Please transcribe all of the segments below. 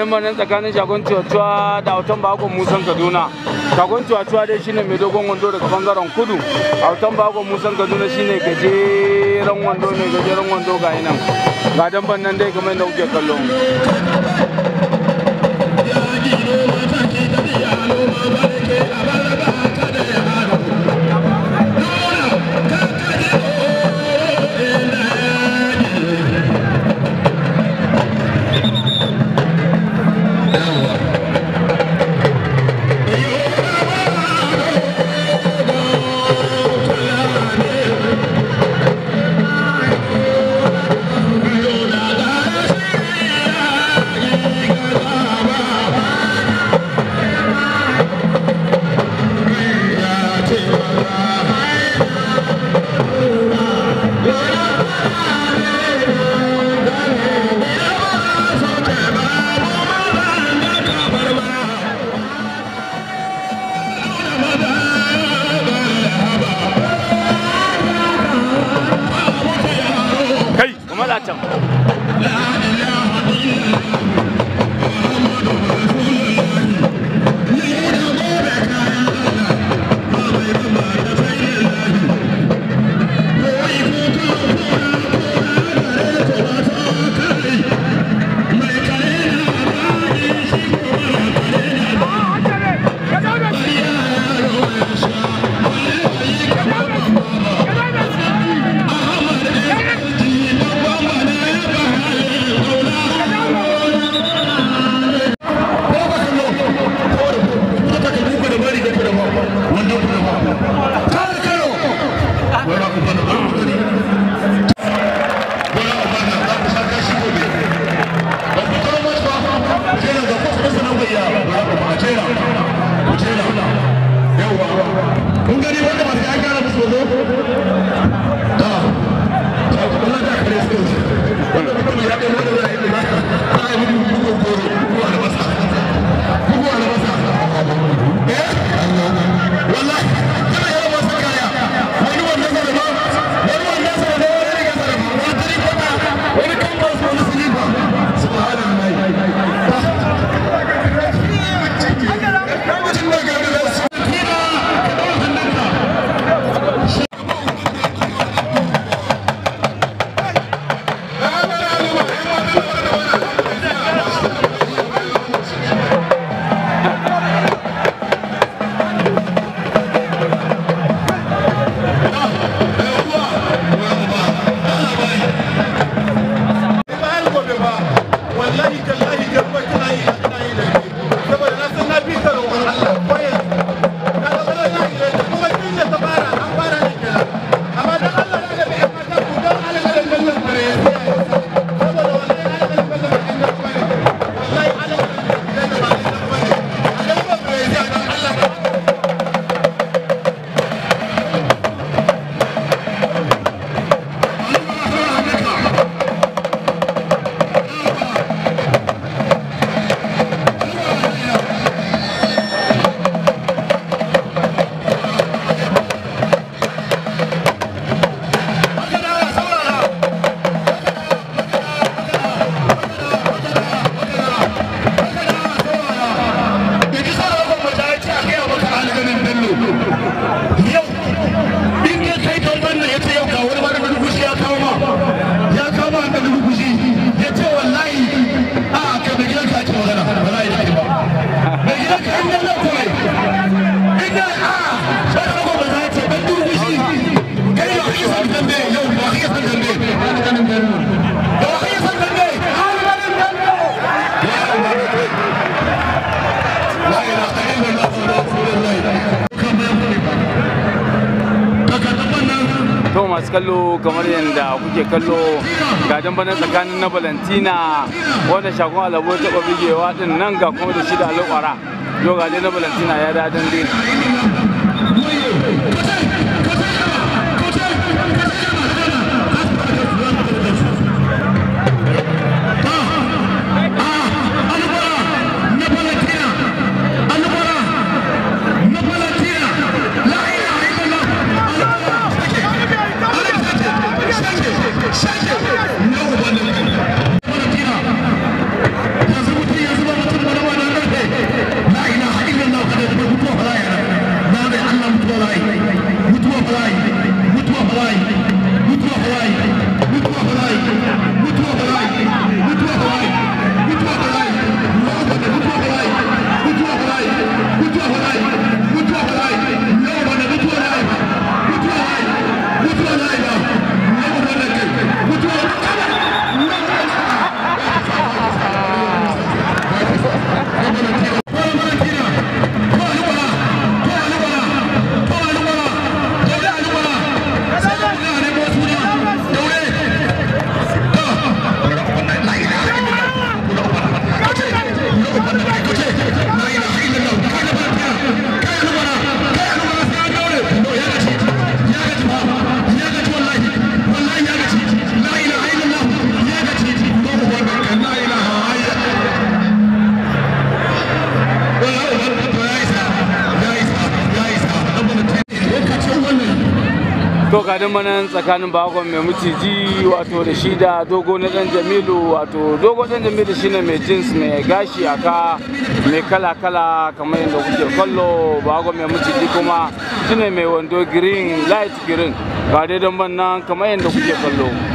tsakanin nan tsakanin shagon cuwa da autan bakon musan kaduna shagon cuwa dai shine mai dogon wando daga bangaren kudu autan bakon musan kaduna shine gajeren wando ne gajeren wando ga nan ga dan nan dai kamar da kuke kallo masu kallo kamar yadda kuke kallo ga dambanin tsakanin na valentina wanda shagon alabo taɓa bigewa din nan ga kuma da shida da alƙwara yau ga na valentina ya da dandina tsakanin mana tsakanin bakon mai mutiji wato da shi da dogo na dan jamilu wato dogo dan jamilu shine mai jins mai gashi aka mai kala kala kamar yadda kuke kallo bakon mai mutiji kuma shine mai wando green light green ba dai dan nan kamar yadda kuke kallo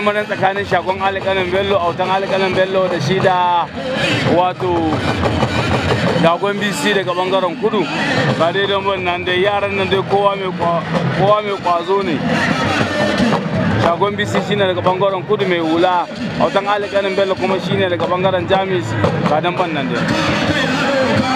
madan tsakanin shagon alƙalin bello autan alƙalin bello da shi da wato dagon bc daga bangaren kudu ba dai don wannan dai yaran nan dai kowa mai kwazo ne shagon bc shine daga bangaren kudu mai hula autan alƙalin bello kuma shine daga bangaren jamus ba don wannan dai